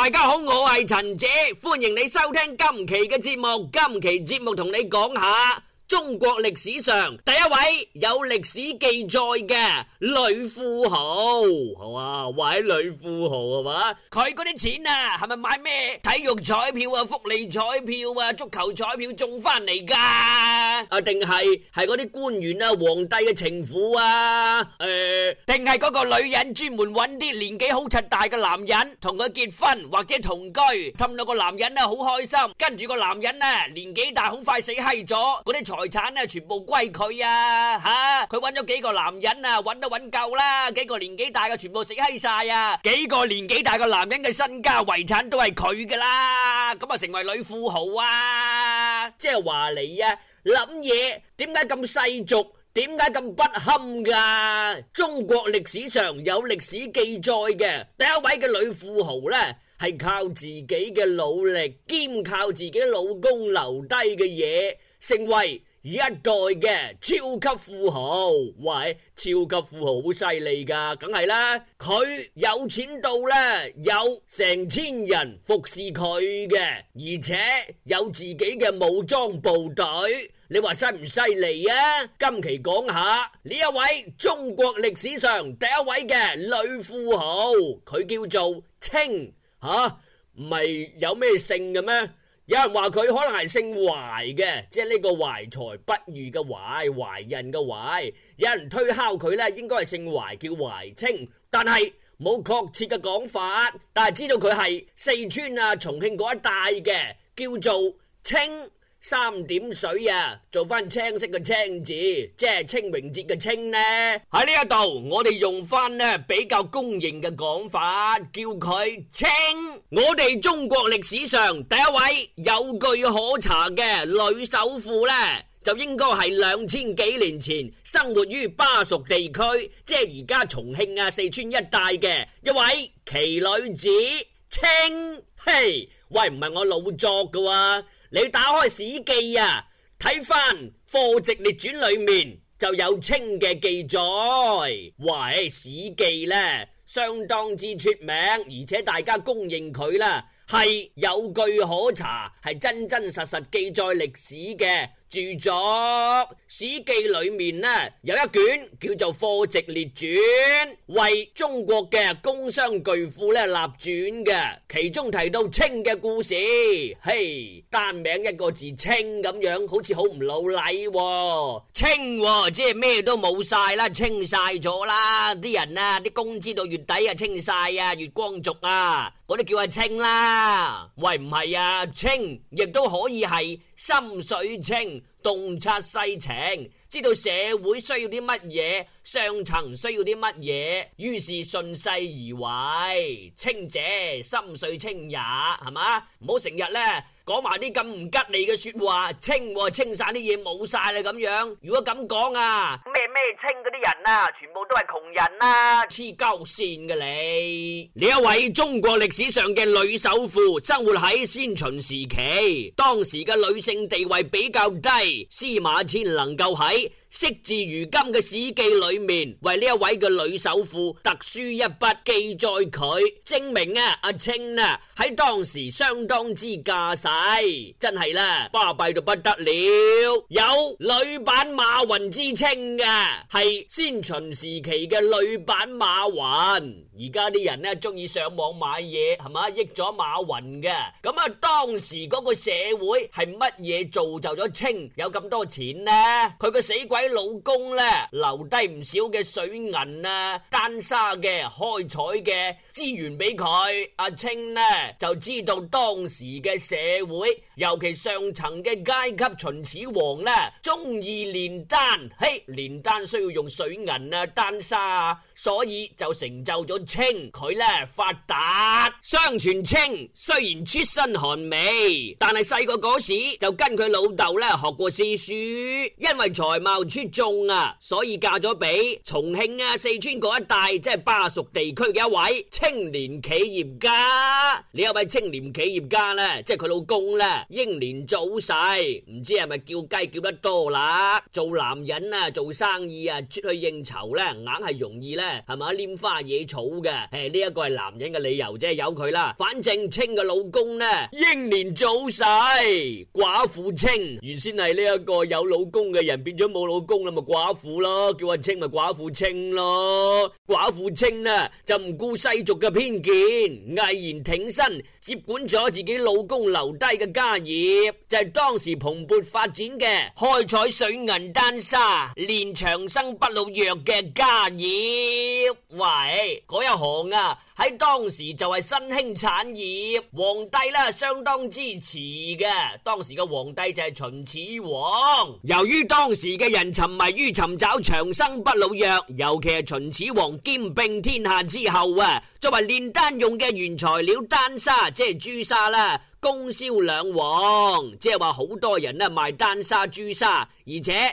大家好，我係陳姐，歡迎你收聽今期嘅節目。今期節目同你講下。中國歷史上第一位有歷史記載嘅女富豪，好啊，位女富豪係嘛？佢嗰啲錢啊，係咪買咩體育彩票啊、福利彩票啊、足球彩票中翻嚟噶？啊，定係係嗰啲官員啊、皇帝嘅情婦啊？誒，定係嗰個女人專門搵啲年紀好柒大嘅男人同佢結婚或者同居，氹到個男人啊好開心。跟住個男人啊年紀大好快死閪咗，嗰啲財。財產咧全部歸佢啊！吓，佢揾咗幾個男人啊，揾都揾夠啦。幾個年紀大嘅全部死閪晒啊！幾個年紀大嘅男人嘅身家遺產都係佢噶啦，咁啊成為女富豪啊！即係話你啊諗嘢，點解咁世俗，點解咁不堪噶？中國歷史上有歷史記載嘅第一位嘅女富豪呢，係靠自己嘅努力兼靠自己老公留低嘅嘢，成為。一代嘅超級富豪，喂，超級富豪好犀利噶，梗係啦，佢有錢到呢，有成千人服侍佢嘅，而且有自己嘅武裝部隊，你話犀唔犀利啊？今期講下呢一位中國歷史上第一位嘅女富豪，佢叫做清，吓、啊，唔係有咩姓嘅咩？有人話佢可能係姓懷嘅，即係呢個懷才不遇嘅懷，懷孕嘅懷。有人推敲佢咧，應該係姓懷叫懷清，但係冇確切嘅講法，但係知道佢係四川啊、重慶嗰一帶嘅，叫做清。三點水啊，做翻青色嘅青字，即係清明節嘅清呢。喺呢一度，我哋用翻呢比較公認嘅講法，叫佢青。我哋中國歷史上第一位有據可查嘅女首富呢，就應該係兩千幾年前生活於巴蜀地區，即係而家重慶啊、四川一帶嘅一位奇女子——青。嘿，喂，唔係我老作噶啊。你打開《史記》啊，睇返《貨殖列傳》裏面就有清嘅記載。喂，《史記》呢，相當之出名，而且大家公認佢啦係有據可查，係真真實實記載歷史嘅。著作《史記》裏面咧有一卷叫做《貨殖列傳》，為中國嘅工商巨富咧立傳嘅，其中提到清嘅故事。嘿，hey，單名一個字清咁樣，好似好唔老禮、哦哦。清即係咩都冇晒啦，清晒咗啦，啲人啊，啲工資到月底啊清晒啊，月光族啊，嗰啲叫清啦。喂，唔係啊，清亦都可以係。心水清。洞察世情，知道社會需要啲乜嘢，上層需要啲乜嘢，於是順勢而為。清者心水清也，係嘛？唔好成日呢講埋啲咁唔吉利嘅說話，清清晒啲嘢冇晒啦咁樣。如果咁講啊，咩咩清嗰啲人啊，全部都係窮人啊，黐鳩線嘅你。呢一位中國歷史上嘅女首富，生活喺先秦時期，當時嘅女性地位比較低。司馬遷能夠喺。直至如今嘅《史記》裏面為呢一位嘅女首富特書一筆記載佢，證明啊阿清啊喺當時相當之駕駛，真係啦，巴閉到不得了，有女版馬雲之稱嘅係先秦時期嘅女版馬雲。而家啲人呢中意上網買嘢係嘛，益咗馬雲嘅。咁啊，當時嗰個社會係乜嘢造就咗清有咁多錢呢？佢個死鬼！喺老公咧留低唔少嘅水銀啊丹砂嘅開採嘅資源俾佢，阿清咧就知道當時嘅社會，尤其上層嘅階級秦始皇咧中意煉丹，嘿煉丹需要用水銀啊丹砂，啊，所以就成就咗清佢咧發達。相傳清雖然出身寒微，但係細個嗰時就跟佢老豆咧學過詩書，因為才貌出眾啊，所以嫁咗俾重慶啊、四川嗰一帶，即係巴蜀地區嘅一位青年企業家。呢一位青年企業家咧，即係佢老公咧，英年早逝，唔知係咪叫雞叫得多啦？做男人啊，做生意啊，出去應酬咧，硬係容易咧，係咪拈花惹草嘅。誒，呢一個係男人嘅理由啫，由佢啦。反正清嘅老公咧，英年早逝，寡婦清。原先係呢一個有老公嘅人，變咗冇老。老公啦，咪寡婦咯，叫阿清咪寡婦清咯，寡婦清啦，啊，就唔顧世俗嘅偏見，毅然挺身。接管咗自己老公留低嘅家業，就係當時蓬勃發展嘅開採水銀丹砂、煉長生不老藥嘅家業。喂，嗰一行啊喺當時就係新興產業，皇帝咧相當支持嘅。當時嘅皇帝就係秦始皇。由於當時嘅人沉迷於尋找長生不老藥，尤其係秦始皇兼併天下之後啊，作為煉丹用嘅原材料丹砂。即係朱砂啦，供銷兩旺，即係話好多人咧賣丹砂、朱砂，而且。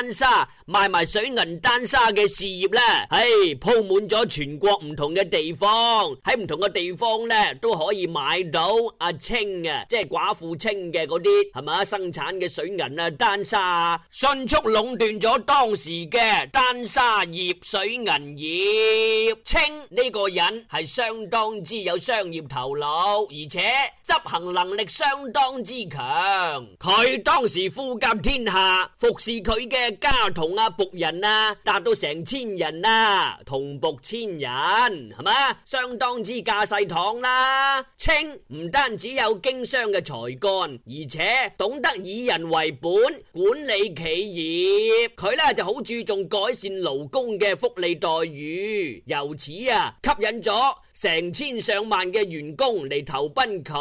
丹砂賣埋水銀丹砂嘅事業呢，唉鋪滿咗全國唔同嘅地方，喺唔同嘅地方呢都可以買到阿青嘅，即係寡婦清嘅嗰啲係咪生產嘅水銀啊丹砂啊，迅速壟斷咗當時嘅丹砂業、水銀業。清呢個人係相當之有商業頭腦，而且執行能力相當之強。佢當時富甲天下，服侍佢嘅。家僮啊，僕人啊，達到成千人啊，同僕千人，係嘛，相當之架勢堂啦。清唔單止有經商嘅才幹，而且懂得以人為本管理企業，佢呢就好注重改善勞工嘅福利待遇，由此啊吸引咗成千上萬嘅員工嚟投奔佢。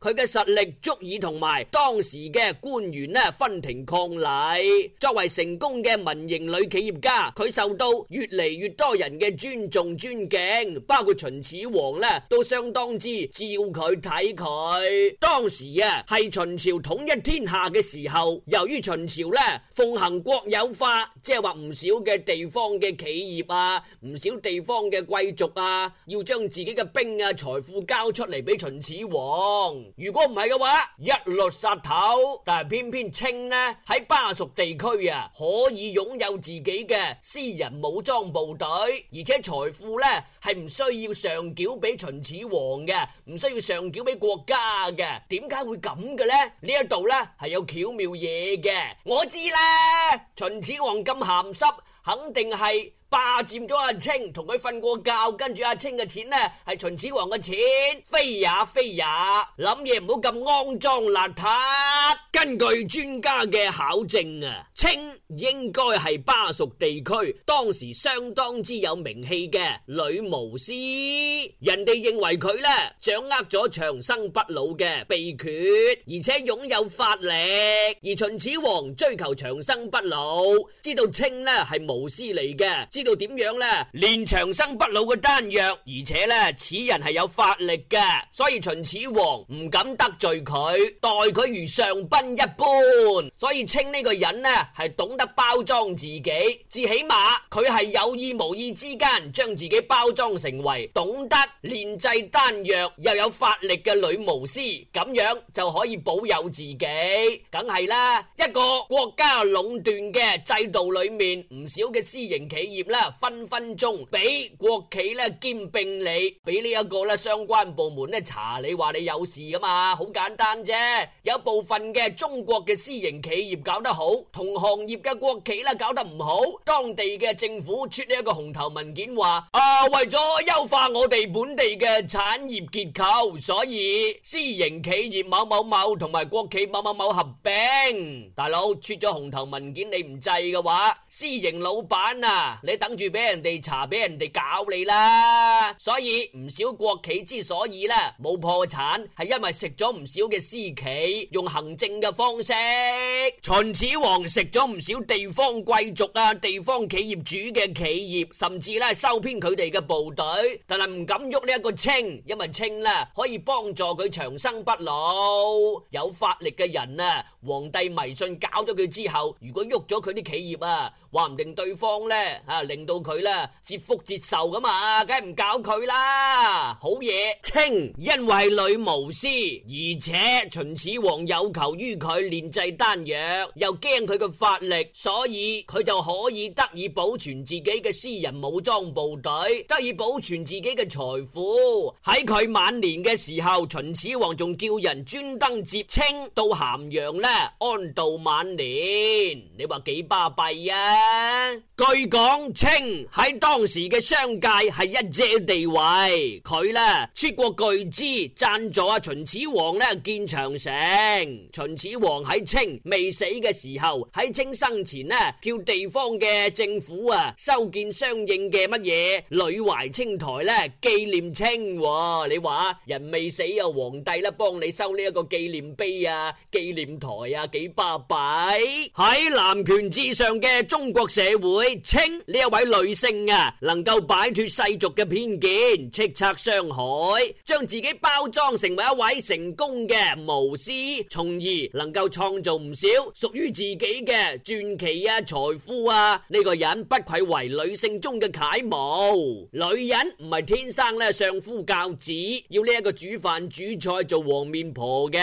佢嘅實力足以同埋當時嘅官員呢分庭抗禮。作為成。成功嘅民營女企業家，佢受到越嚟越多人嘅尊重尊敬，包括秦始皇呢，都相當之照佢睇佢。當時啊，係秦朝統一天下嘅時候，由於秦朝呢，奉行國有化，即係話唔少嘅地方嘅企業啊，唔少地方嘅貴族啊，要將自己嘅兵啊、財富交出嚟俾秦始皇。如果唔係嘅話，一律殺頭。但係偏偏清呢，喺巴蜀地區啊。可以擁有自己嘅私人武裝部隊，而且財富呢，係唔需要上繳俾秦始皇嘅，唔需要上繳俾國家嘅，點解會咁嘅呢？呢一度呢，係有巧妙嘢嘅，我知啦，秦始皇咁鹹濕肯定係，霸佔咗阿清，同佢瞓過覺，跟住阿清嘅錢呢，係秦始皇嘅錢，非也非也，諗嘢唔好咁骯髒邋遢。根據專家嘅考證啊，清應該係巴蜀地區當時相當之有名氣嘅女巫師，人哋認為佢呢掌握咗長生不老嘅秘訣，而且擁有法力。而秦始皇追求長生不老，知道清呢係巫師嚟嘅。知道點樣咧？練長生不老嘅丹藥，而且咧，此人係有法力嘅，所以秦始皇唔敢得罪佢，待佢如上賓一般。所以稱呢個人咧，係懂得包裝自己，至起碼佢係有意無意之間將自己包裝成為懂得煉製丹藥又有法力嘅女巫師，咁樣就可以保佑自己。梗係啦，一個國家壟斷嘅制度裏面，唔少嘅私營企業。啦，分分鐘俾國企咧兼併你，俾呢一個咧相關部門咧查你，話你有事噶嘛。好簡單啫，有部分嘅中國嘅私營企業搞得好，同行業嘅國企咧搞得唔好，當地嘅政府出呢一個紅頭文件話啊，為咗優化我哋本地嘅產業結構，所以私營企業某某某同埋國企某某某合併，大佬出咗紅頭文件你唔制嘅話，私營老闆啊，你。等住俾人哋查，俾人哋搞你啦！所以唔少國企之所以咧冇破產，係因為食咗唔少嘅私企，用行政嘅方式。秦始皇食咗唔少地方貴族啊、地方企業主嘅企業，甚至咧收編佢哋嘅部隊，但係唔敢喐呢一個清，因為清咧可以幫助佢長生不老，有法力嘅人啊，皇帝迷信，搞咗佢之後，如果喐咗佢啲企業啊，話唔定對方咧啊。令到佢啦，接福接壽㗎嘛，梗係唔搞佢啦。好嘢，清因為女巫師，而且秦始皇有求於佢煉製丹藥，又驚佢嘅法力，所以佢就可以得以保存自己嘅私人武裝部隊，得以保存自己嘅財富。喺佢晚年嘅時候，秦始皇仲叫人專登接清到咸陽咧，安度晚年。你話幾巴閉啊？據講。清喺當時嘅商界係一姐地位，佢咧出過巨資贊助阿秦始皇咧，建長城。秦始皇喺清未死嘅時候，喺清生前咧叫地方嘅政府啊修建相應嘅乜嘢女懷清台咧紀念清。你話人未死啊，皇帝咧幫你修呢一個紀念碑啊、紀念台啊，幾巴閉？喺男權至上嘅中國社會，清呢。一位女性啊，能夠擺脫世俗嘅偏見，叱咤商海，將自己包裝成為一位成功嘅巫師，從而能夠創造唔少屬於自己嘅傳奇啊、財富啊。呢個人不愧為女性中嘅楷模。女人唔係天生咧，相夫教子，要呢一個煮飯煮菜做黃面婆嘅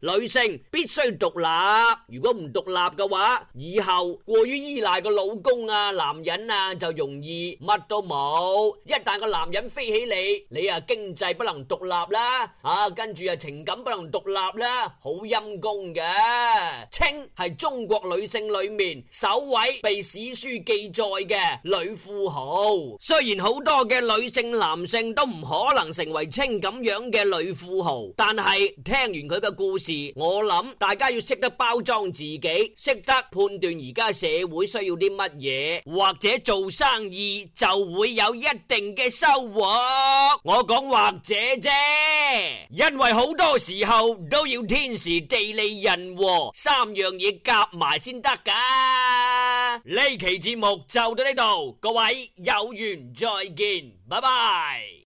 女性必須獨立。如果唔獨立嘅話，以後過於依賴個老公啊，男人。就容易乜都冇，一旦個男人飛起你，你啊經濟不能獨立啦，啊跟住啊情感不能獨立啦，好陰功嘅。清係中國女性裏面首位被史書記載嘅女富豪，雖然好多嘅女性男性都唔可能成為清咁樣嘅女富豪，但係聽完佢嘅故事，我諗大家要識得包裝自己，識得判斷而家社會需要啲乜嘢，或者。做生意就會有一定嘅收穫，我講或者啫，因為好多時候都要天時地利人和，三樣嘢夾埋先得㗎。呢期節目就到呢度，各位有緣再見，拜拜。